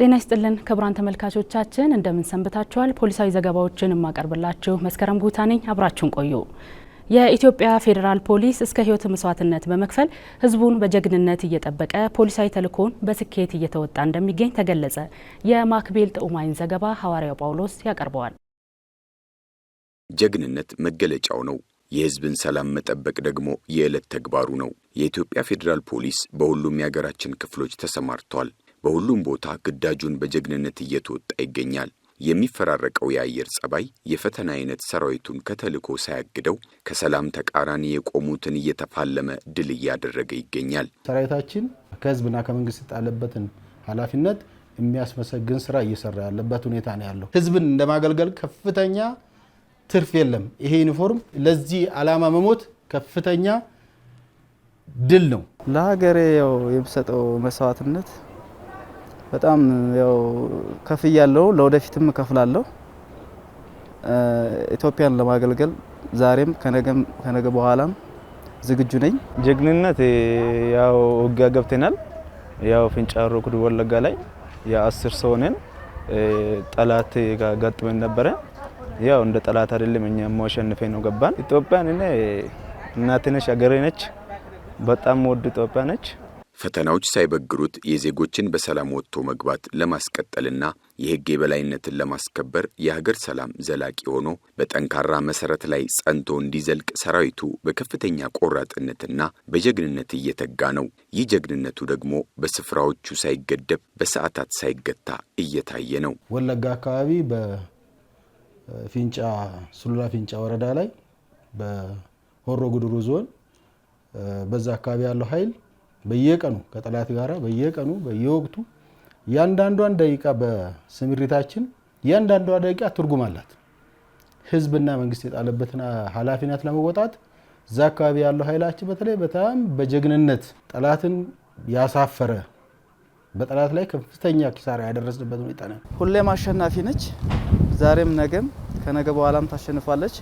ጤና ይስጥልን ክቡራን ተመልካቾቻችን እንደምን ሰንብታችኋል? ፖሊሳዊ ዘገባዎችን የማቀርብላችሁ መስከረም ጉታ ነኝ። አብራችሁን ቆዩ። የኢትዮጵያ ፌዴራል ፖሊስ እስከ ሕይወት መስዋዕትነት በመክፈል ሕዝቡን በጀግንነት እየጠበቀ ፖሊሳዊ ተልእኮን በስኬት እየተወጣ እንደሚገኝ ተገለጸ። የማክቤል ጥዑማይን ዘገባ ሐዋርያው ጳውሎስ ያቀርበዋል። ጀግንነት መገለጫው ነው። የህዝብን ሰላም መጠበቅ ደግሞ የዕለት ተግባሩ ነው። የኢትዮጵያ ፌዴራል ፖሊስ በሁሉም የሀገራችን ክፍሎች ተሰማርቷል። በሁሉም ቦታ ግዳጁን በጀግንነት እየተወጣ ይገኛል። የሚፈራረቀው የአየር ጸባይ የፈተና አይነት ሰራዊቱን ከተልዕኮ ሳያግደው ከሰላም ተቃራኒ የቆሙትን እየተፋለመ ድል እያደረገ ይገኛል። ሰራዊታችን ከህዝብና ከመንግስት የጣለበትን ኃላፊነት የሚያስመሰግን ስራ እየሰራ ያለበት ሁኔታ ነው ያለው። ህዝብን እንደማገልገል ከፍተኛ ትርፍ የለም። ይሄ ዩኒፎርም ለዚህ አላማ መሞት ከፍተኛ ድል ነው። ለሀገሬ ያው መስዋዕትነት በጣም ያው ከፍ ያለው ለወደፊትም ከፍላለው ኢትዮጵያን ለማገልገል ዛሬም ከነገም ከነገ በኋላም ዝግጁ ነኝ። ጀግንነት ያው ውጊያ ገብተናል። ያው ፍንጫሮ ጉድ ወለጋ ላይ የአስር ሰው ነን ጠላት ጋር ገጥመን ነበረ። ያው እንደ ጠላት አይደለም እኛ ማሸነፈኝ ነው ገባን። ኢትዮጵያን እኔ እናቴ ነች፣ አገሬ ነች። በጣም ወድ ኢትዮጵያ ነች። ፈተናዎች ሳይበግሩት የዜጎችን በሰላም ወጥቶ መግባት ለማስቀጠልና የሕግ የበላይነትን ለማስከበር የሀገር ሰላም ዘላቂ ሆኖ በጠንካራ መሰረት ላይ ጸንቶ እንዲዘልቅ ሰራዊቱ በከፍተኛ ቆራጥነትና በጀግንነት እየተጋ ነው። ይህ ጀግንነቱ ደግሞ በስፍራዎቹ ሳይገደብ፣ በሰዓታት ሳይገታ እየታየ ነው። ወለጋ አካባቢ በፊንጫ ሱሉላ ፊንጫ ወረዳ ላይ በሆሮ ጉድሩ ዞን በዛ አካባቢ ያለው ኃይል በየቀኑ ከጠላት ጋር በየቀኑ በየወቅቱ እያንዳንዷን ደቂቃ በስምሪታችን እያንዳንዷ ደቂቃ ትርጉም አላት። ህዝብና መንግስት የጣለበትን ኃላፊነት ለመወጣት እዛ አካባቢ ያለው ኃይላችን በተለይ በጣም በጀግንነት ጠላትን ያሳፈረ በጠላት ላይ ከፍተኛ ኪሳራ ያደረስንበት ሁኔታ ነው። ሁሌም አሸናፊ ነች። ዛሬም፣ ነገም ከነገ በኋላም ታሸንፋለች።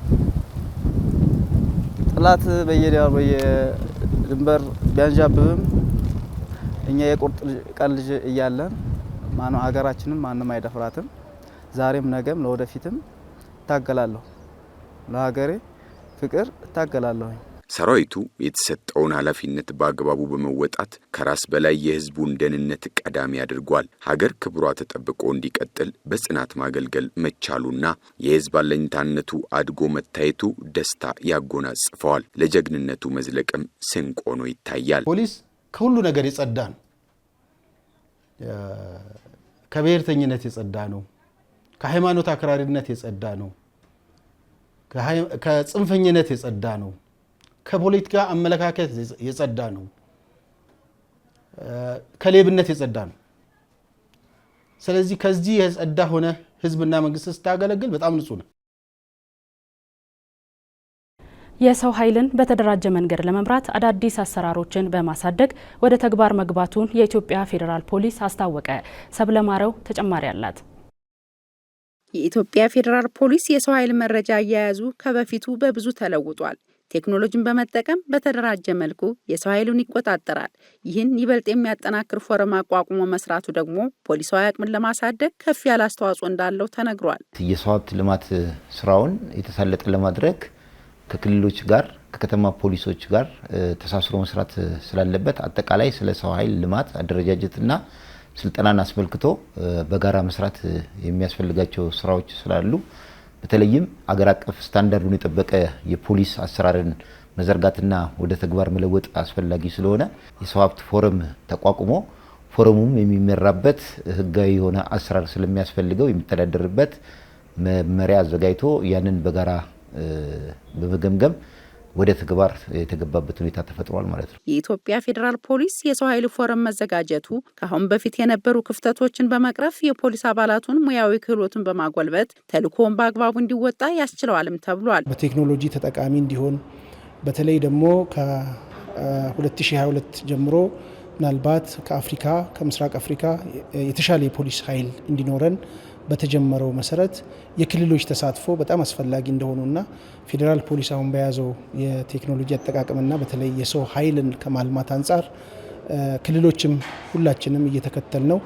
ጠላት በየድንበር ቢያንዣብብም እኛ የቁርጥ ቀን ልጅ እያለን ማነው ሀገራችንም ማንም አይደፍራትም። ዛሬም ነገም ለወደፊትም እታገላለሁ፣ ለሀገሬ ፍቅር እታገላለሁኝ። ሰራዊቱ የተሰጠውን ኃላፊነት በአግባቡ በመወጣት ከራስ በላይ የሕዝቡን ደህንነት ቀዳሚ አድርጓል። ሀገር ክብሯ ተጠብቆ እንዲቀጥል በጽናት ማገልገል መቻሉና የሕዝብ አለኝታነቱ አድጎ መታየቱ ደስታ ያጎናጽፈዋል። ለጀግንነቱ መዝለቅም ስንቅ ሆኖ ይታያል። ፖሊስ ከሁሉ ነገር የጸዳ ነው። ከብሔርተኝነት የጸዳ ነው። ከሃይማኖት አክራሪነት የጸዳ ነው። ከጽንፈኝነት የጸዳ ነው። ከፖለቲካ አመለካከት የጸዳ ነው። ከሌብነት የጸዳ ነው። ስለዚህ ከዚህ የጸዳ ሆነ ህዝብና መንግስት ስታገለግል በጣም ንጹህ ነው። የሰው ኃይልን በተደራጀ መንገድ ለመምራት አዳዲስ አሰራሮችን በማሳደግ ወደ ተግባር መግባቱን የኢትዮጵያ ፌዴራል ፖሊስ አስታወቀ። ሰብለማረው ተጨማሪ አላት። የኢትዮጵያ ፌዴራል ፖሊስ የሰው ኃይል መረጃ አያያዙ ከበፊቱ በብዙ ተለውጧል። ቴክኖሎጂን በመጠቀም በተደራጀ መልኩ የሰው ኃይሉን ይቆጣጠራል። ይህን ይበልጥ የሚያጠናክር ፎረም አቋቁሞ መስራቱ ደግሞ ፖሊሳዊ አቅምን ለማሳደግ ከፍ ያለ አስተዋጽኦ እንዳለው ተነግሯል። የሰው ሀብት ልማት ስራውን የተሳለጠ ለማድረግ ከክልሎች ጋር ከከተማ ፖሊሶች ጋር ተሳስሮ መስራት ስላለበት አጠቃላይ ስለ ሰው ኃይል ልማት አደረጃጀትና ስልጠናን አስመልክቶ በጋራ መስራት የሚያስፈልጋቸው ስራዎች ስላሉ በተለይም አገር አቀፍ ስታንዳርዱን የጠበቀ የፖሊስ አሰራርን መዘርጋትና ወደ ተግባር መለወጥ አስፈላጊ ስለሆነ የሰው ሀብት ፎረም ተቋቁሞ ፎረሙም የሚመራበት ህጋዊ የሆነ አሰራር ስለሚያስፈልገው የሚተዳደርበት መመሪያ አዘጋጅቶ ያንን በጋራ በመገምገም ወደ ተግባር የተገባበት ሁኔታ ተፈጥሯል ማለት ነው። የኢትዮጵያ ፌዴራል ፖሊስ የሰው ኃይል ፎረም መዘጋጀቱ ከአሁን በፊት የነበሩ ክፍተቶችን በመቅረፍ የፖሊስ አባላቱን ሙያዊ ክህሎትን በማጎልበት ተልእኮውን በአግባቡ እንዲወጣ ያስችለዋልም ተብሏል። በቴክኖሎጂ ተጠቃሚ እንዲሆን በተለይ ደግሞ ከ2022 ጀምሮ ምናልባት ከአፍሪካ ከምስራቅ አፍሪካ የተሻለ የፖሊስ ኃይል እንዲኖረን በተጀመረው መሰረት የክልሎች ተሳትፎ በጣም አስፈላጊ እንደሆኑና ፌዴራል ፖሊስ አሁን በያዘው የቴክኖሎጂ አጠቃቀምና በተለይ የሰው ኃይልን ከማልማት አንጻር ክልሎችም ሁላችንም እየተከተል ነው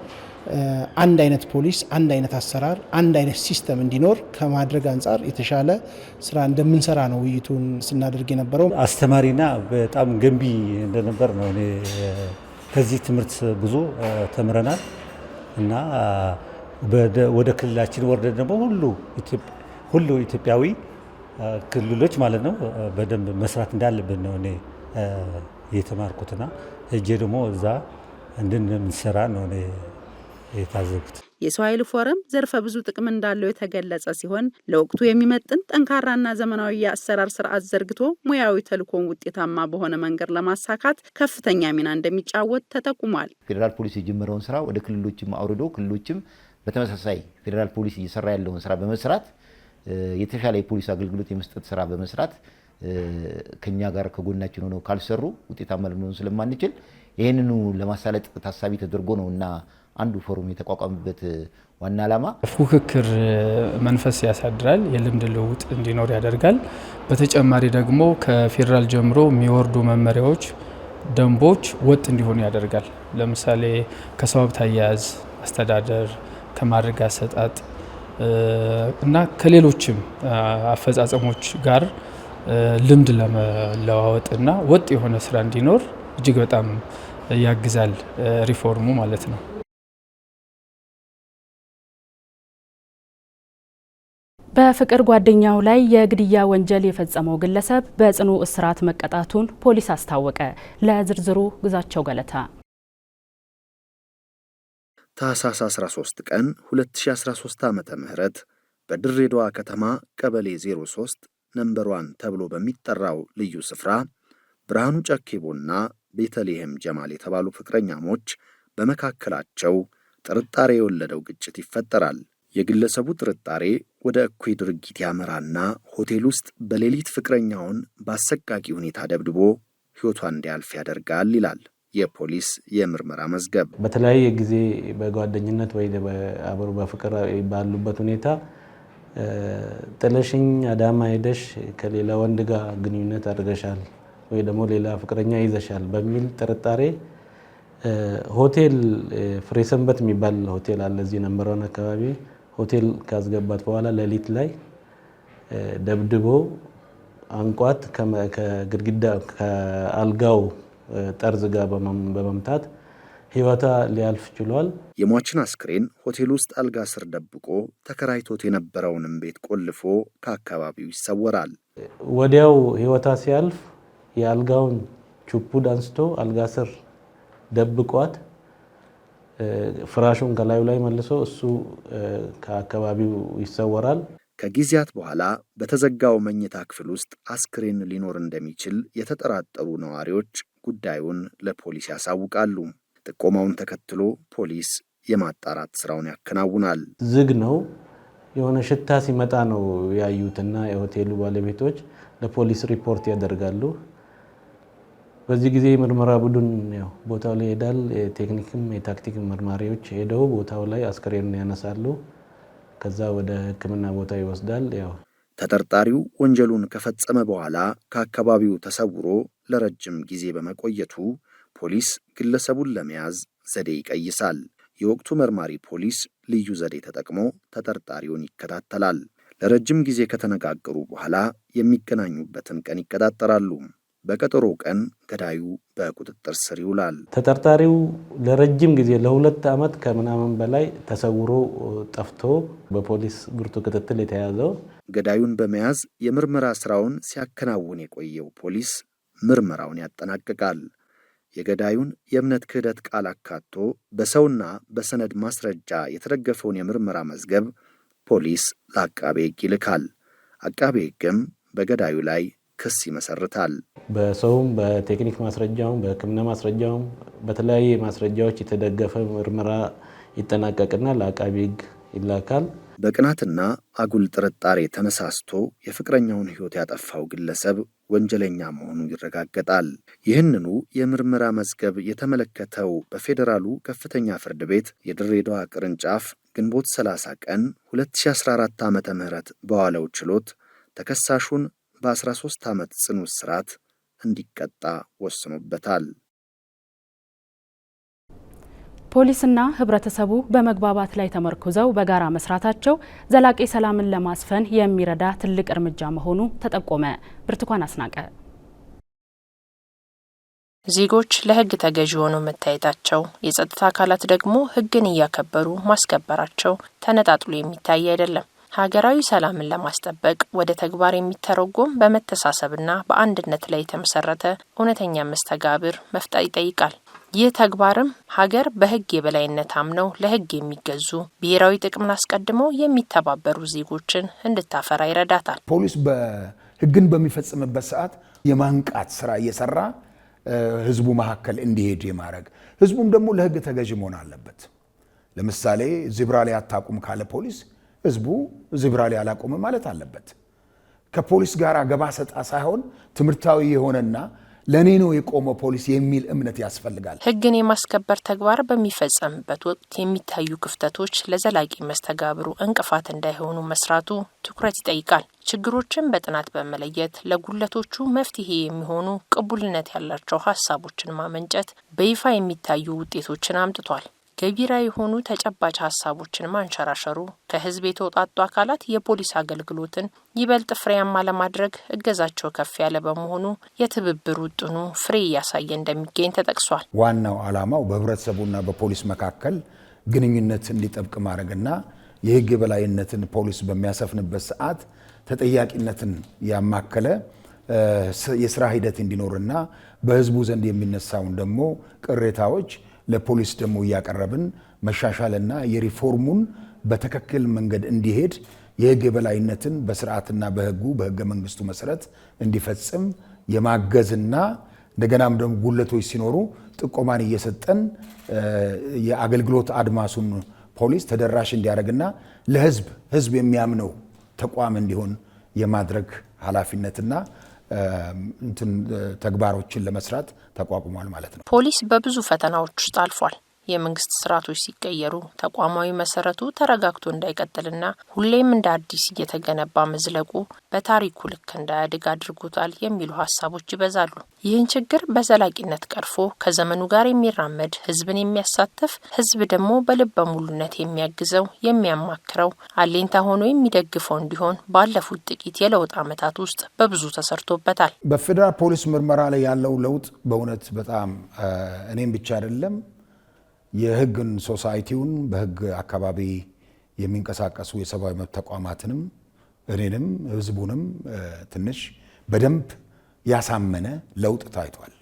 አንድ አይነት ፖሊስ፣ አንድ አይነት አሰራር፣ አንድ አይነት ሲስተም እንዲኖር ከማድረግ አንጻር የተሻለ ስራ እንደምንሰራ ነው ውይይቱን ስናደርግ የነበረው። አስተማሪና በጣም ገንቢ እንደነበር ነው። ከዚህ ትምህርት ብዙ ተምረናል እና ወደ ክልላችን ወርደ ደግሞ ሁሉ ኢትዮጵያዊ ክልሎች ማለት ነው በደንብ መስራት እንዳለብን ነው እኔ የተማርኩትና እጄ ደግሞ እዛ እንድንሰራ ነው እኔ የታዘብኩት። የሰው ኃይል ፎረም ዘርፈ ብዙ ጥቅም እንዳለው የተገለጸ ሲሆን ለወቅቱ የሚመጥን ጠንካራና ዘመናዊ የአሰራር ስርዓት ዘርግቶ ሙያዊ ተልእኮን ውጤታማ በሆነ መንገድ ለማሳካት ከፍተኛ ሚና እንደሚጫወት ተጠቁሟል። ፌዴራል ፖሊስ የጀመረውን ስራ ወደ ክልሎችም አውርዶ ክልሎችም በተመሳሳይ ፌዴራል ፖሊስ እየሰራ ያለውን ስራ በመስራት የተሻለ የፖሊስ አገልግሎት የመስጠት ስራ በመስራት ከኛ ጋር ከጎናችን ሆነው ካልሰሩ ውጤታማ ልንሆን ስለማንችል ይህንኑ ለማሳለጥ ታሳቢ ተደርጎ ነው እና አንዱ ፎረም የተቋቋመበት ዋና ዓላማ ፉክክር መንፈስ ያሳድራል፣ የልምድ ልውውጥ እንዲኖር ያደርጋል። በተጨማሪ ደግሞ ከፌዴራል ጀምሮ የሚወርዱ መመሪያዎች፣ ደንቦች ወጥ እንዲሆኑ ያደርጋል። ለምሳሌ ከሰው ሀብት አያያዝ፣ አስተዳደር ከማድረግ አሰጣጥ እና ከሌሎችም አፈጻጸሞች ጋር ልምድ ለመለዋወጥ እና ወጥ የሆነ ስራ እንዲኖር እጅግ በጣም ያግዛል ሪፎርሙ ማለት ነው። በፍቅር ጓደኛው ላይ የግድያ ወንጀል የፈጸመው ግለሰብ በጽኑ እስራት መቀጣቱን ፖሊስ አስታወቀ። ለዝርዝሩ ግዛቸው ገለታ ታህሳስ 13 ቀን 2013 ዓ ምህረት በድሬዳዋ ከተማ ቀበሌ 03 ነምበር ተብሎ በሚጠራው ልዩ ስፍራ ብርሃኑ ጨኬቦና ቤተልሔም ጀማል የተባሉ ፍቅረኛሞች በመካከላቸው ጥርጣሬ የወለደው ግጭት ይፈጠራል። የግለሰቡ ጥርጣሬ ወደ እኩይ ድርጊት ያመራና ሆቴል ውስጥ በሌሊት ፍቅረኛውን በአሰቃቂ ሁኔታ ደብድቦ ሕይወቷ እንዲያልፍ ያደርጋል ይላል። የፖሊስ የምርመራ መዝገብ በተለያየ ጊዜ በጓደኝነት ወይ አብሮ በፍቅር ባሉበት ሁኔታ ጥለሽኝ አዳማ ሄደሽ ከሌላ ወንድ ጋር ግንኙነት አድርገሻል ወይ ደግሞ ሌላ ፍቅረኛ ይዘሻል በሚል ጥርጣሬ ሆቴል ፍሬሰንበት የሚባል ሆቴል አለ እዚህ ነምበረውን አካባቢ ሆቴል ካስገባት በኋላ ሌሊት ላይ ደብድቦ አንቋት ከግድግዳ ከአልጋው ጠርዝ ጋር በመምታት ህይወታ ሊያልፍ ችሏል። የሟችን አስክሬን ሆቴል ውስጥ አልጋ ስር ደብቆ ተከራይቶት የነበረውንም ቤት ቆልፎ ከአካባቢው ይሰወራል። ወዲያው ህይወታ ሲያልፍ የአልጋውን ቹፑድ አንስቶ አልጋ ስር ደብቋት ፍራሹን ከላዩ ላይ መልሶ እሱ ከአካባቢው ይሰወራል። ከጊዜያት በኋላ በተዘጋው መኝታ ክፍል ውስጥ አስክሬን ሊኖር እንደሚችል የተጠራጠሩ ነዋሪዎች ጉዳዩን ለፖሊስ ያሳውቃሉ። ጥቆማውን ተከትሎ ፖሊስ የማጣራት ስራውን ያከናውናል። ዝግ ነው የሆነ ሽታ ሲመጣ ነው ያዩትና የሆቴሉ ባለቤቶች ለፖሊስ ሪፖርት ያደርጋሉ። በዚህ ጊዜ ምርመራ ቡድን ያው ቦታው ላይ ይሄዳል። የቴክኒክም የታክቲክ መርማሪዎች ሄደው ቦታው ላይ አስክሬኑን ያነሳሉ። ከዛ ወደ ሕክምና ቦታ ይወስዳል ያው ተጠርጣሪው ወንጀሉን ከፈጸመ በኋላ ከአካባቢው ተሰውሮ ለረጅም ጊዜ በመቆየቱ ፖሊስ ግለሰቡን ለመያዝ ዘዴ ይቀይሳል። የወቅቱ መርማሪ ፖሊስ ልዩ ዘዴ ተጠቅሞ ተጠርጣሪውን ይከታተላል። ለረጅም ጊዜ ከተነጋገሩ በኋላ የሚገናኙበትን ቀን ይቀጣጠራሉ። በቀጠሮ ቀን ገዳዩ በቁጥጥር ስር ይውላል። ተጠርጣሪው ለረጅም ጊዜ ለሁለት ዓመት ከምናምን በላይ ተሰውሮ ጠፍቶ በፖሊስ ብርቱ ክትትል የተያዘው ገዳዩን በመያዝ የምርመራ ሥራውን ሲያከናውን የቆየው ፖሊስ ምርመራውን ያጠናቅቃል። የገዳዩን የእምነት ክህደት ቃል አካቶ በሰውና በሰነድ ማስረጃ የተደገፈውን የምርመራ መዝገብ ፖሊስ ለአቃቤ ሕግ ይልካል። አቃቤ ሕግም በገዳዩ ላይ ክስ ይመሰርታል። በሰውም በቴክኒክ ማስረጃውም በሕክምና ማስረጃውም በተለያየ ማስረጃዎች የተደገፈ ምርመራ ይጠናቀቅና ለአቃቤ ሕግ ይላካል። በቅናትና አጉል ጥርጣሬ ተነሳስቶ የፍቅረኛውን ሕይወት ያጠፋው ግለሰብ ወንጀለኛ መሆኑ ይረጋገጣል። ይህንኑ የምርመራ መዝገብ የተመለከተው በፌዴራሉ ከፍተኛ ፍርድ ቤት የድሬዳዋ ቅርንጫፍ ግንቦት 30 ቀን 2014 ዓ ም በዋለው ችሎት ተከሳሹን በ13 ዓመት ጽኑ እስራት እንዲቀጣ ወስኖበታል። ፖሊስና ህብረተሰቡ በመግባባት ላይ ተመርኩዘው በጋራ መስራታቸው ዘላቂ ሰላምን ለማስፈን የሚረዳ ትልቅ እርምጃ መሆኑ ተጠቆመ። ብርቱካን አስናቀ። ዜጎች ለህግ ተገዢ የሆኑ መታየታቸው፣ የጸጥታ አካላት ደግሞ ህግን እያከበሩ ማስከበራቸው ተነጣጥሎ የሚታይ አይደለም። ሀገራዊ ሰላምን ለማስጠበቅ ወደ ተግባር የሚተረጎም በመተሳሰብና በአንድነት ላይ የተመሰረተ እውነተኛ መስተጋብር መፍጠር ይጠይቃል። ይህ ተግባርም ሀገር በህግ የበላይነት አምነው ለህግ የሚገዙ ብሔራዊ ጥቅምን አስቀድመው የሚተባበሩ ዜጎችን እንድታፈራ ይረዳታል። ፖሊስ በህግን በሚፈጽምበት ሰዓት የማንቃት ስራ እየሰራ ህዝቡ መካከል እንዲሄድ የማድረግ ህዝቡም ደግሞ ለህግ ተገዥ መሆን አለበት። ለምሳሌ ዚብራ ላይ አታቁም ካለ ፖሊስ ህዝቡ ዚብራ ላይ አላቁም ማለት አለበት። ከፖሊስ ጋር ገባ ሰጣ ሳይሆን ትምህርታዊ የሆነና ለእኔ ነው የቆመ ፖሊስ የሚል እምነት ያስፈልጋል። ህግን የማስከበር ተግባር በሚፈጸምበት ወቅት የሚታዩ ክፍተቶች ለዘላቂ መስተጋብሩ እንቅፋት እንዳይሆኑ መስራቱ ትኩረት ይጠይቃል። ችግሮችን በጥናት በመለየት ለጉለቶቹ መፍትሄ የሚሆኑ ቅቡልነት ያላቸው ሀሳቦችን ማመንጨት በይፋ የሚታዩ ውጤቶችን አምጥቷል። ገቢራ የሆኑ ተጨባጭ ሀሳቦችን ማንሸራሸሩ ከህዝብ የተውጣጡ አካላት የፖሊስ አገልግሎትን ይበልጥ ፍሬያማ ለማድረግ እገዛቸው ከፍ ያለ በመሆኑ የትብብር ውጥኑ ፍሬ እያሳየ እንደሚገኝ ተጠቅሷል። ዋናው ዓላማው በህብረተሰቡና በፖሊስ መካከል ግንኙነት እንዲጠብቅ ማድረግና የህግ የበላይነትን ፖሊስ በሚያሰፍንበት ሰዓት ተጠያቂነትን ያማከለ የስራ ሂደት እንዲኖርና በህዝቡ ዘንድ የሚነሳውን ደግሞ ቅሬታዎች ለፖሊስ ደግሞ እያቀረብን መሻሻልና የሪፎርሙን በትክክል መንገድ እንዲሄድ የህግ የበላይነትን በስርዓትና በህጉ በህገ መንግስቱ መሰረት እንዲፈጽም የማገዝና እንደገናም ደግሞ ጉለቶች ሲኖሩ ጥቆማን እየሰጠን የአገልግሎት አድማሱን ፖሊስ ተደራሽ እንዲያደርግና ለህዝብ ህዝብ የሚያምነው ተቋም እንዲሆን የማድረግ ኃላፊነትና ተግባሮችን ለመስራት ተቋቁሟል ማለት ነው። ፖሊስ በብዙ ፈተናዎች ውስጥ አልፏል። የመንግስት ስርዓቶች ሲቀየሩ ተቋማዊ መሰረቱ ተረጋግቶ እንዳይቀጥልና ሁሌም እንደ አዲስ እየተገነባ መዝለቁ በታሪኩ ልክ እንዳያድግ አድርጎታል የሚሉ ሀሳቦች ይበዛሉ። ይህን ችግር በዘላቂነት ቀርፎ ከዘመኑ ጋር የሚራመድ ህዝብን የሚያሳትፍ ህዝብ ደግሞ በልበ ሙሉነት የሚያግዘው የሚያማክረው፣ አሌንታ ሆኖ የሚደግፈው እንዲሆን ባለፉት ጥቂት የለውጥ ዓመታት ውስጥ በብዙ ተሰርቶበታል። በፌዴራል ፖሊስ ምርመራ ላይ ያለው ለውጥ በእውነት በጣም እኔም ብቻ አይደለም የህግን ሶሳይቲውን በህግ አካባቢ የሚንቀሳቀሱ የሰብአዊ መብት ተቋማትንም እኔንም ህዝቡንም ትንሽ በደንብ ያሳመነ ለውጥ ታይቷል።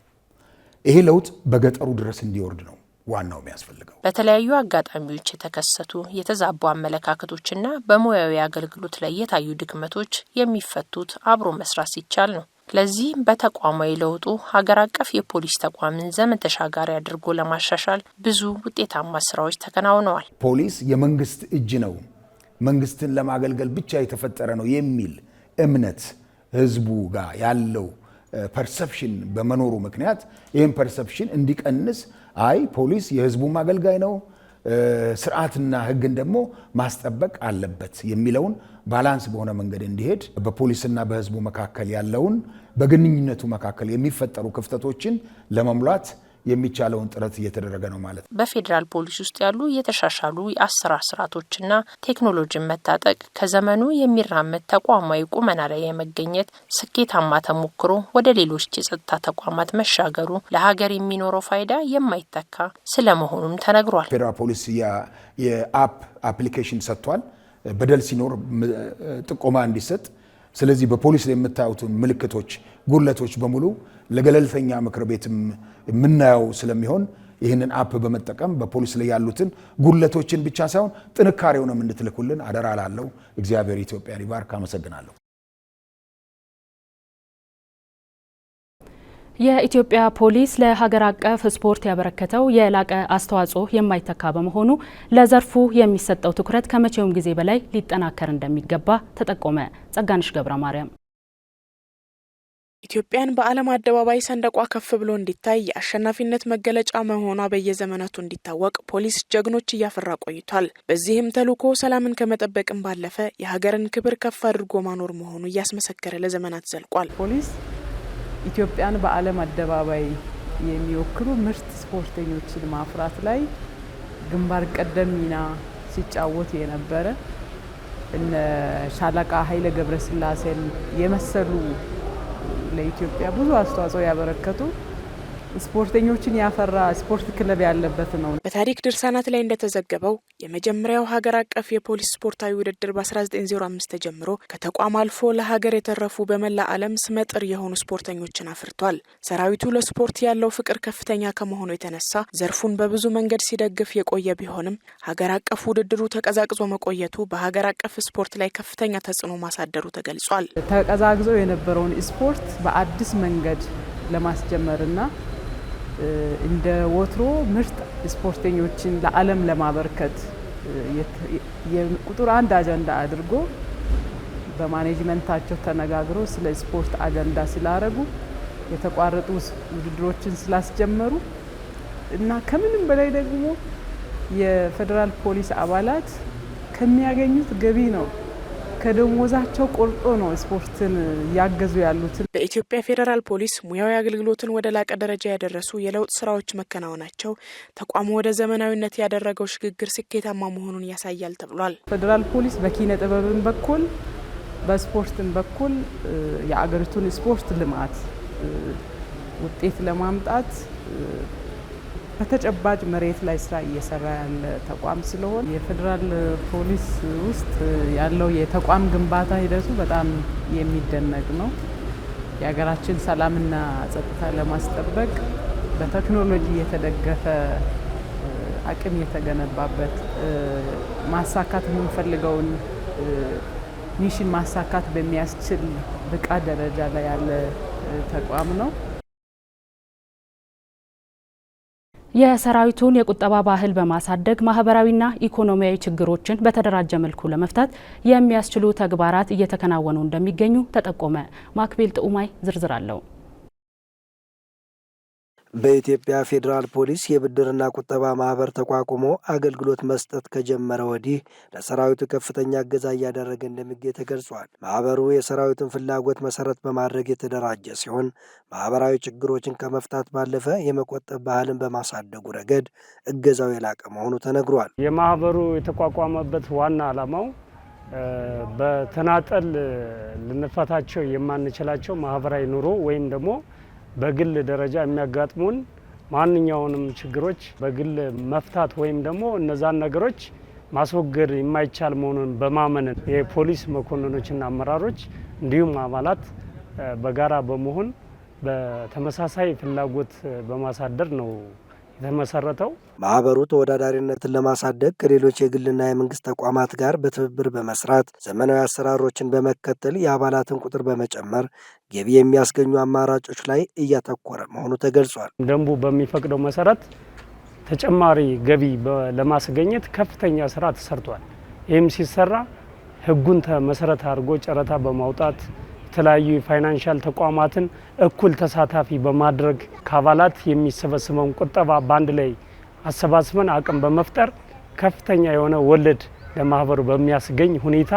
ይሄ ለውጥ በገጠሩ ድረስ እንዲወርድ ነው ዋናው የሚያስፈልገው። በተለያዩ አጋጣሚዎች የተከሰቱ የተዛቡ አመለካከቶችና በሙያዊ አገልግሎት ላይ የታዩ ድክመቶች የሚፈቱት አብሮ መስራት ሲቻል ነው። ለዚህም በተቋማዊ ለውጡ ሀገር አቀፍ የፖሊስ ተቋምን ዘመን ተሻጋሪ አድርጎ ለማሻሻል ብዙ ውጤታማ ስራዎች ተከናውነዋል። ፖሊስ የመንግስት እጅ ነው፣ መንግስትን ለማገልገል ብቻ የተፈጠረ ነው የሚል እምነት ህዝቡ ጋር ያለው ፐርሰፕሽን በመኖሩ ምክንያት ይህም ፐርሰፕሽን እንዲቀንስ አይ ፖሊስ የህዝቡም አገልጋይ ነው ስርዓትና ህግን ደግሞ ማስጠበቅ አለበት የሚለውን ባላንስ በሆነ መንገድ እንዲሄድ በፖሊስና በህዝቡ መካከል ያለውን በግንኙነቱ መካከል የሚፈጠሩ ክፍተቶችን ለመሙላት የሚቻለውን ጥረት እየተደረገ ነው ማለት ነው። በፌዴራል ፖሊስ ውስጥ ያሉ የተሻሻሉ የአሰራር ስርዓቶችና ቴክኖሎጂን መታጠቅ ከዘመኑ የሚራመድ ተቋማዊ ቁመና ላይ የመገኘት ስኬታማ ተሞክሮ ወደ ሌሎች የጸጥታ ተቋማት መሻገሩ ለሀገር የሚኖረው ፋይዳ የማይተካ ስለመሆኑም ተነግሯል። ፌዴራል ፖሊስ የአፕ አፕሊኬሽን ሰጥቷል። በደል ሲኖር ጥቆማ እንዲሰጥ ስለዚህ በፖሊስ ላይ የምታዩትን ምልክቶች፣ ጉድለቶች በሙሉ ለገለልተኛ ምክር ቤትም የምናየው ስለሚሆን ይህንን አፕ በመጠቀም በፖሊስ ላይ ያሉትን ጉድለቶችን ብቻ ሳይሆን ጥንካሬውንም እንድትልኩልን አደራ ላለው እግዚአብሔር ኢትዮጵያን ይባርክ። አመሰግናለሁ። የኢትዮጵያ ፖሊስ ለሀገር አቀፍ ስፖርት ያበረከተው የላቀ አስተዋጽኦ የማይተካ በመሆኑ ለዘርፉ የሚሰጠው ትኩረት ከመቼውም ጊዜ በላይ ሊጠናከር እንደሚገባ ተጠቆመ። ጸጋንሽ ገብረ ማርያም ኢትዮጵያን በዓለም አደባባይ ሰንደቋ ከፍ ብሎ እንዲታይ የአሸናፊነት መገለጫ መሆኗ በየዘመናቱ እንዲታወቅ ፖሊስ ጀግኖች እያፈራ ቆይቷል። በዚህም ተልዕኮ ሰላምን ከመጠበቅም ባለፈ የሀገርን ክብር ከፍ አድርጎ ማኖር መሆኑ እያስመሰከረ ለዘመናት ዘልቋል። ፖሊስ ኢትዮጵያን በዓለም አደባባይ የሚወክሉ ምርጥ ስፖርተኞችን ማፍራት ላይ ግንባር ቀደም ሚና ሲጫወት የነበረ እነ ሻለቃ ኃይለ ገብረስላሴን የመሰሉ ለኢትዮጵያ ብዙ አስተዋጽኦ ያበረከቱ ስፖርተኞችን ያፈራ ስፖርት ክለብ ያለበት ነው። በታሪክ ድርሳናት ላይ እንደተዘገበው የመጀመሪያው ሀገር አቀፍ የፖሊስ ስፖርታዊ ውድድር በ1905 ተጀምሮ ከተቋም አልፎ ለሀገር የተረፉ በመላ ዓለም ስመጥር የሆኑ ስፖርተኞችን አፍርቷል። ሰራዊቱ ለስፖርት ያለው ፍቅር ከፍተኛ ከመሆኑ የተነሳ ዘርፉን በብዙ መንገድ ሲደግፍ የቆየ ቢሆንም ሀገር አቀፍ ውድድሩ ተቀዛቅዞ መቆየቱ በሀገር አቀፍ ስፖርት ላይ ከፍተኛ ተጽዕኖ ማሳደሩ ተገልጿል። ተቀዛቅዞ የነበረውን ስፖርት በአዲስ መንገድ ለማስጀመርና እንደ ወትሮ ምርጥ ስፖርተኞችን ለዓለም ለማበርከት የቁጥር አንድ አጀንዳ አድርጎ በማኔጅመንታቸው ተነጋግሮ ስለ ስፖርት አጀንዳ ስላረጉ የተቋረጡ ውድድሮችን ስላስጀመሩ እና ከምንም በላይ ደግሞ የፌዴራል ፖሊስ አባላት ከሚያገኙት ገቢ ነው ከደሞዛቸው ቆርጦ ነው ስፖርትን እያገዙ ያሉትን በኢትዮጵያ ፌዴራል ፖሊስ ሙያዊ አገልግሎትን ወደ ላቀ ደረጃ ያደረሱ የለውጥ ስራዎች መከናወናቸው ተቋሙ ወደ ዘመናዊነት ያደረገው ሽግግር ስኬታማ መሆኑን ያሳያል ተብሏል። ፌዴራል ፖሊስ በኪነ ጥበብን በኩል በስፖርትን በኩል የአገሪቱን ስፖርት ልማት ውጤት ለማምጣት በተጨባጭ መሬት ላይ ስራ እየሰራ ያለ ተቋም ስለሆነ የፌዴራል ፖሊስ ውስጥ ያለው የተቋም ግንባታ ሂደቱ በጣም የሚደነቅ ነው። የሀገራችን ሰላምና ጸጥታ ለማስጠበቅ በቴክኖሎጂ የተደገፈ አቅም የተገነባበት ማሳካት የምንፈልገውን ሚሽን ማሳካት በሚያስችል ብቃት ደረጃ ላይ ያለ ተቋም ነው። የሰራዊቱን የቁጠባ ባህል በማሳደግ ማህበራዊና ኢኮኖሚያዊ ችግሮችን በተደራጀ መልኩ ለመፍታት የሚያስችሉ ተግባራት እየተከናወኑ እንደሚገኙ ተጠቆመ። ማክቤል ጥዑማይ ዝርዝር አለው። በኢትዮጵያ ፌዴራል ፖሊስ የብድርና ቁጠባ ማህበር ተቋቁሞ አገልግሎት መስጠት ከጀመረ ወዲህ ለሰራዊቱ ከፍተኛ እገዛ እያደረገ እንደሚገኝ ተገልጿል። ማህበሩ የሰራዊቱን ፍላጎት መሰረት በማድረግ የተደራጀ ሲሆን ማህበራዊ ችግሮችን ከመፍታት ባለፈ የመቆጠብ ባህልን በማሳደጉ ረገድ እገዛው የላቀ መሆኑ ተነግሯል። የማህበሩ የተቋቋመበት ዋና ዓላማው በተናጠል ልንፈታቸው የማንችላቸው ማህበራዊ ኑሮ ወይም ደግሞ በግል ደረጃ የሚያጋጥሙን ማንኛውንም ችግሮች በግል መፍታት ወይም ደግሞ እነዛን ነገሮች ማስወገድ የማይቻል መሆኑን በማመን የፖሊስ መኮንኖችና አመራሮች እንዲሁም አባላት በጋራ በመሆን በተመሳሳይ ፍላጎት በማሳደር ነው የተመሰረተው ማህበሩ ተወዳዳሪነትን ለማሳደግ ከሌሎች የግልና የመንግስት ተቋማት ጋር በትብብር በመስራት ዘመናዊ አሰራሮችን በመከተል የአባላትን ቁጥር በመጨመር ገቢ የሚያስገኙ አማራጮች ላይ እያተኮረ መሆኑ ተገልጿል። ደንቡ በሚፈቅደው መሰረት ተጨማሪ ገቢ ለማስገኘት ከፍተኛ ስራ ተሰርቷል። ይህም ሲሰራ ህጉን መሰረት አድርጎ ጨረታ በማውጣት የተለያዩ የፋይናንሻል ተቋማትን እኩል ተሳታፊ በማድረግ ከአባላት የሚሰበስበውን ቁጠባ በአንድ ላይ አሰባስበን አቅም በመፍጠር ከፍተኛ የሆነ ወለድ ለማህበሩ በሚያስገኝ ሁኔታ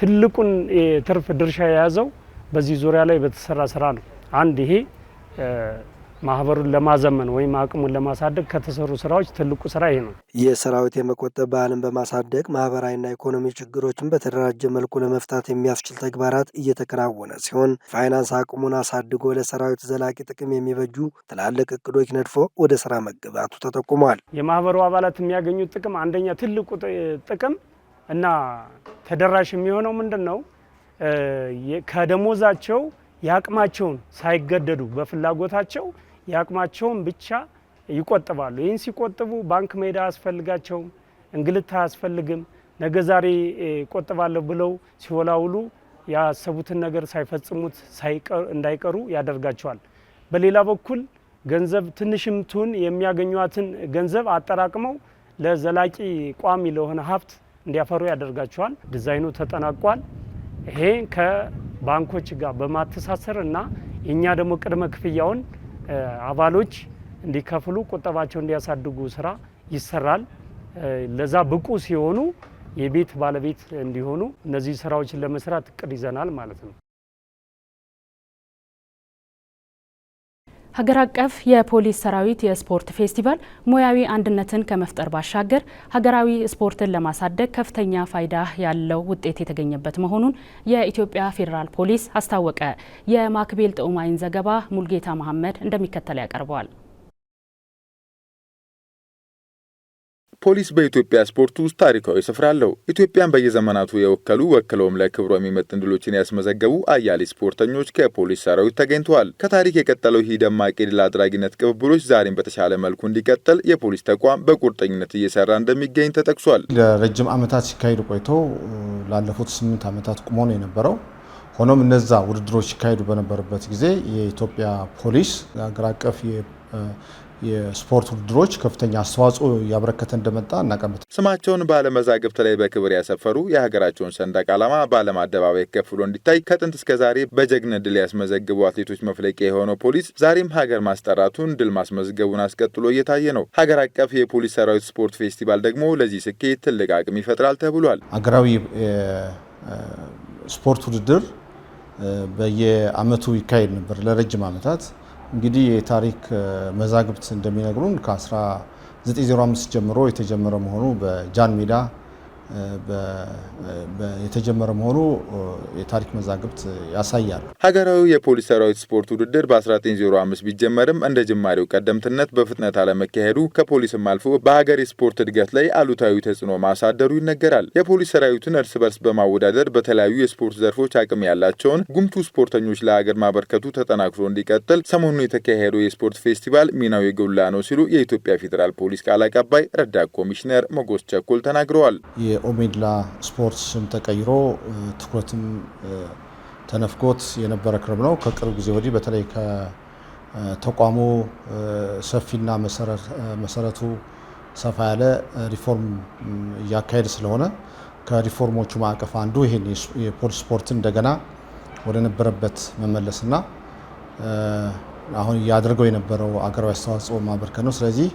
ትልቁን የትርፍ ድርሻ የያዘው በዚህ ዙሪያ ላይ በተሰራ ስራ ነው። አንድ ይሄ ማህበሩን ለማዘመን ወይም አቅሙን ለማሳደግ ከተሰሩ ስራዎች ትልቁ ስራ ይሄ ነው። የሰራዊት የመቆጠብ ባህልን በማሳደግ ማህበራዊና ኢኮኖሚ ችግሮችን በተደራጀ መልኩ ለመፍታት የሚያስችል ተግባራት እየተከናወነ ሲሆን ፋይናንስ አቅሙን አሳድጎ ለሰራዊት ዘላቂ ጥቅም የሚበጁ ትላልቅ እቅዶች ነድፎ ወደ ስራ መገባቱ ተጠቁሟል። የማህበሩ አባላት የሚያገኙት ጥቅም አንደኛ ትልቁ ጥቅም እና ተደራሽ የሚሆነው ምንድን ነው? ከደሞዛቸው የአቅማቸውን ሳይገደዱ በፍላጎታቸው የአቅማቸውን ብቻ ይቆጥባሉ። ይህን ሲቆጥቡ ባንክ መሄድ አያስፈልጋቸውም፣ እንግልት አያስፈልግም። ነገ ዛሬ ቆጥባለሁ ብለው ሲወላውሉ ያሰቡትን ነገር ሳይፈጽሙት እንዳይቀሩ ያደርጋቸዋል። በሌላ በኩል ገንዘብ ትንሽም ትሁን የሚያገኟትን ገንዘብ አጠራቅመው ለዘላቂ ቋሚ ለሆነ ሀብት እንዲያፈሩ ያደርጋቸዋል። ዲዛይኑ ተጠናቋል። ይሄ ከባንኮች ጋር በማተሳሰር እና እኛ ደግሞ ቅድመ ክፍያውን አባሎች እንዲከፍሉ ቁጠባቸው እንዲያሳድጉ ስራ ይሰራል። ለዛ ብቁ ሲሆኑ የቤት ባለቤት እንዲሆኑ እነዚህ ስራዎችን ለመስራት እቅድ ይዘናል ማለት ነው። ሀገር አቀፍ የፖሊስ ሰራዊት የስፖርት ፌስቲቫል ሙያዊ አንድነትን ከመፍጠር ባሻገር ሀገራዊ ስፖርትን ለማሳደግ ከፍተኛ ፋይዳ ያለው ውጤት የተገኘበት መሆኑን የኢትዮጵያ ፌዴራል ፖሊስ አስታወቀ። የማክቤል ጥዑማይን ዘገባ ሙልጌታ መሐመድ እንደሚከተል ያቀርበዋል። ፖሊስ በኢትዮጵያ ስፖርት ውስጥ ታሪካዊ ስፍራ አለው። ኢትዮጵያን በየዘመናቱ የወከሉ ወክለውም ለክብሯ የሚመጥን ድሎችን ያስመዘገቡ አያሌ ስፖርተኞች ከፖሊስ ሰራዊት ተገኝተዋል። ከታሪክ የቀጠለው ይህ ደማቅ የድል አድራጊነት ቅብብሎች ዛሬም በተሻለ መልኩ እንዲቀጥል የፖሊስ ተቋም በቁርጠኝነት እየሰራ እንደሚገኝ ተጠቅሷል። ለረጅም ዓመታት ሲካሄድ ቆይቶ ላለፉት ስምንት ዓመታት ቁሞ ነው የነበረው። ሆኖም እነዛ ውድድሮች ሲካሄዱ በነበረበት ጊዜ የኢትዮጵያ ፖሊስ አገር አቀፍ የስፖርት ውድድሮች ከፍተኛ አስተዋጽኦ እያበረከተ እንደመጣ እናቀምት። ስማቸውን ባለመዛግብት ላይ በክብር ያሰፈሩ የሀገራቸውን ሰንደቅ ዓላማ በዓለም አደባባይ ከፍ ብሎ እንዲታይ ከጥንት እስከ ዛሬ በጀግንነት ድል ያስመዘግቡ አትሌቶች መፍለቂያ የሆነው ፖሊስ ዛሬም ሀገር ማስጠራቱን ድል ማስመዝገቡን አስቀጥሎ እየታየ ነው። ሀገር አቀፍ የፖሊስ ሰራዊት ስፖርት ፌስቲቫል ደግሞ ለዚህ ስኬት ትልቅ አቅም ይፈጥራል ተብሏል። ሀገራዊ ስፖርት ውድድር በየአመቱ ይካሄድ ነበር ለረጅም ዓመታት እንግዲህ የታሪክ መዛግብት እንደሚነግሩን ከ1905 ጀምሮ የተጀመረ መሆኑ በጃን ሜዳ የተጀመረ መሆኑ የታሪክ መዛግብት ያሳያል። ሀገራዊ የፖሊስ ሰራዊት ስፖርት ውድድር በ1905 ቢጀመርም እንደ ጅማሬው ቀደምትነት በፍጥነት አለመካሄዱ ከፖሊስም አልፎ በሀገር የስፖርት እድገት ላይ አሉታዊ ተጽዕኖ ማሳደሩ ይነገራል። የፖሊስ ሰራዊቱን እርስ በርስ በማወዳደር በተለያዩ የስፖርት ዘርፎች አቅም ያላቸውን ጉምቱ ስፖርተኞች ለሀገር ማበርከቱ ተጠናክሮ እንዲቀጥል ሰሞኑን የተካሄደው የስፖርት ፌስቲቫል ሚናው የጎላ ነው ሲሉ የኢትዮጵያ ፌዴራል ፖሊስ ቃል አቀባይ ረዳት ኮሚሽነር ሞጎስ ቸኮል ተናግረዋል። የኦሜድላ ስም ተቀይሮ ትኩረትም ተነፍጎት የነበረ ክለብ ነው። ከቅርብ ጊዜ ወዲህ በተለይ ከተቋሙ ሰፊና መሰረቱ ሰፋ ያለ ሪፎርም እያካሄድ ስለሆነ ከሪፎርሞቹ ማዕቀፍ አንዱ ይህን የፖል ስፖርትን እንደገና ወደ ነበረበት መመለስና አሁን እያደረገው የነበረው አገራዊ አስተዋጽኦ ማበርከት ነው። ስለዚህ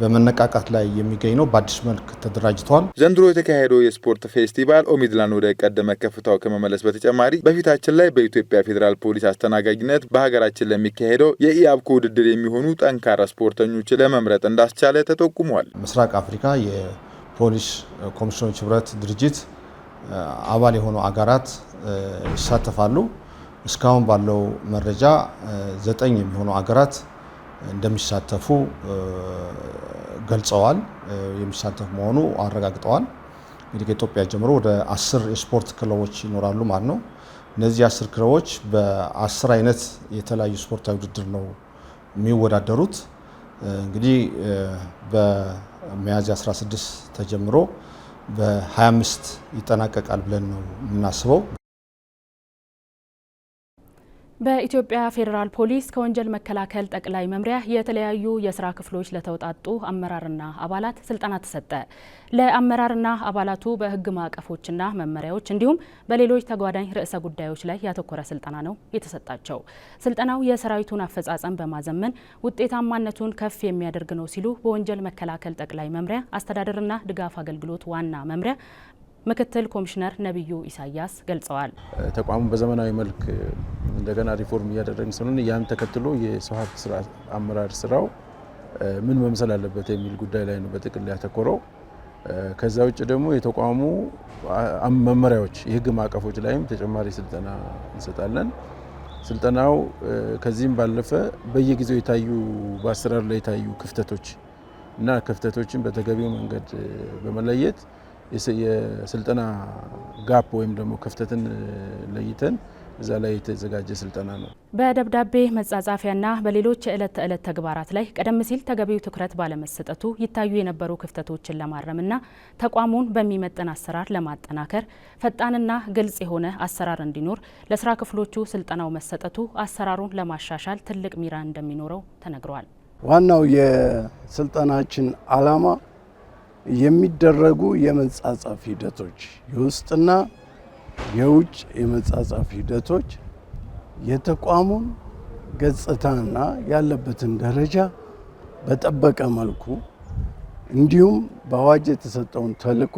በመነቃቃት ላይ የሚገኝ ነው። በአዲስ መልክ ተደራጅተዋል። ዘንድሮ የተካሄደው የስፖርት ፌስቲቫል ኦሚድላን ወደ ቀደመ ከፍታው ከመመለስ በተጨማሪ በፊታችን ላይ በኢትዮጵያ ፌዴራል ፖሊስ አስተናጋጅነት በሀገራችን ለሚካሄደው የኢአብኮ ውድድር የሚሆኑ ጠንካራ ስፖርተኞች ለመምረጥ እንዳስቻለ ተጠቁሟል። ምስራቅ አፍሪካ የፖሊስ ኮሚሽኖች ህብረት ድርጅት አባል የሆኑ አገራት ይሳተፋሉ። እስካሁን ባለው መረጃ ዘጠኝ የሚሆኑ አገራት እንደሚሳተፉ ገልጸዋል። የሚሳተፉ መሆኑ አረጋግጠዋል። እንግዲህ ከኢትዮጵያ ጀምሮ ወደ አስር የስፖርት ክለቦች ይኖራሉ ማለት ነው። እነዚህ አስር ክለቦች በአስር አይነት የተለያዩ ስፖርታዊ ውድድር ነው የሚወዳደሩት። እንግዲህ በሚያዝያ 16 ተጀምሮ በ25 ይጠናቀቃል ብለን ነው የምናስበው። በኢትዮጵያ ፌዴራል ፖሊስ ከወንጀል መከላከል ጠቅላይ መምሪያ የተለያዩ የስራ ክፍሎች ለተውጣጡ አመራርና አባላት ስልጠና ተሰጠ። ለአመራርና አባላቱ በህግ ማዕቀፎችና መመሪያዎች እንዲሁም በሌሎች ተጓዳኝ ርዕሰ ጉዳዮች ላይ ያተኮረ ስልጠና ነው የተሰጣቸው። ስልጠናው የሰራዊቱን አፈጻጸም በማዘመን ውጤታማነቱን ከፍ የሚያደርግ ነው ሲሉ በወንጀል መከላከል ጠቅላይ መምሪያ አስተዳደርና ድጋፍ አገልግሎት ዋና መምሪያ ምክትል ኮሚሽነር ነቢዩ ኢሳያስ ገልጸዋል። ተቋሙ በዘመናዊ መልክ እንደገና ሪፎርም እያደረግን ስለሆነ ያን ተከትሎ የሰው ሀብት ስራ አመራር ስራው ምን መምሰል አለበት የሚል ጉዳይ ላይ ነው በጥቅል ያተኮረው። ከዛ ውጭ ደግሞ የተቋሙ መመሪያዎች፣ የህግ ማዕቀፎች ላይም ተጨማሪ ስልጠና እንሰጣለን። ስልጠናው ከዚህም ባለፈ በየጊዜው የታዩ በአሰራር ላይ የታዩ ክፍተቶች እና ክፍተቶችን በተገቢው መንገድ በመለየት የስልጠና ጋፕ ወይም ደግሞ ክፍተትን ለይተን እዛ ላይ የተዘጋጀ ስልጠና ነው። በደብዳቤ መጻጻፊያና በሌሎች የዕለት ተዕለት ተግባራት ላይ ቀደም ሲል ተገቢው ትኩረት ባለመሰጠቱ ይታዩ የነበሩ ክፍተቶችን ለማረምና ተቋሙን በሚመጥን አሰራር ለማጠናከር ፈጣንና ግልጽ የሆነ አሰራር እንዲኖር ለስራ ክፍሎቹ ስልጠናው መሰጠቱ አሰራሩን ለማሻሻል ትልቅ ሚና እንደሚኖረው ተነግሯል። ዋናው የስልጠናችን አላማ የሚደረጉ የመጻጻፍ ሂደቶች የውስጥና የውጭ የመጻጻፍ ሂደቶች የተቋሙን ገጽታና ያለበትን ደረጃ በጠበቀ መልኩ እንዲሁም በአዋጅ የተሰጠውን ተልዕኮ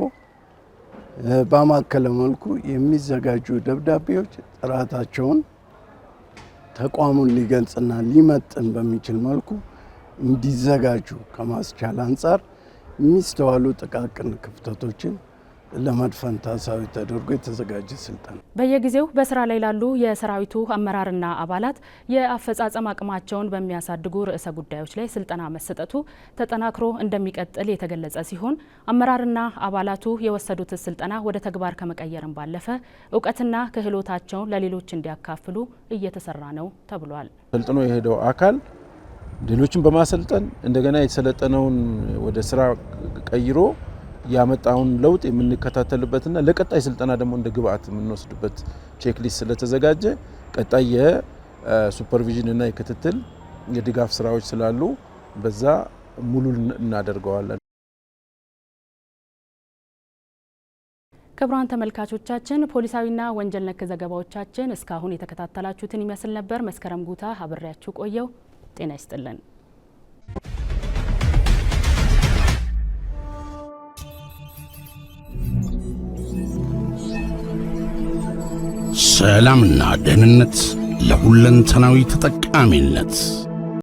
ባማከለ መልኩ የሚዘጋጁ ደብዳቤዎች ጥራታቸውን ተቋሙን ሊገልጽና ሊመጥን በሚችል መልኩ እንዲዘጋጁ ከማስቻል አንጻር የሚስተዋሉ ጥቃቅን ክፍተቶችን ለመድፈን ታሳቢ ተደርጎ የተዘጋጀ ስልጠና በየጊዜው በስራ ላይ ላሉ የሰራዊቱ አመራርና አባላት የአፈጻጸም አቅማቸውን በሚያሳድጉ ርዕሰ ጉዳዮች ላይ ስልጠና መሰጠቱ ተጠናክሮ እንደሚቀጥል የተገለጸ ሲሆን አመራርና አባላቱ የወሰዱትን ስልጠና ወደ ተግባር ከመቀየርም ባለፈ እውቀትና ክህሎታቸውን ለሌሎች እንዲያካፍሉ እየተሰራ ነው ተብሏል። ሰልጥኖ የሄደው አካል ሌሎችን በማሰልጠን እንደገና የተሰለጠነውን ወደ ስራ ቀይሮ ያመጣውን ለውጥ የምንከታተልበትና ለቀጣይ ስልጠና ደግሞ እንደ ግብአት የምንወስድበት ቼክሊስት ስለተዘጋጀ ቀጣይ የሱፐርቪዥን እና የክትትል የድጋፍ ስራዎች ስላሉ በዛ ሙሉ እናደርገዋለን። ክቡራን ተመልካቾቻችን ፖሊሳዊና ወንጀል ነክ ዘገባዎቻችን እስካሁን የተከታተላችሁትን ይመስል ነበር። መስከረም ጉታ አብሬያችሁ ቆየው። ጤና ይስጥልን። ሰላምና ደህንነት ለሁለንተናዊ ተጠቃሚነት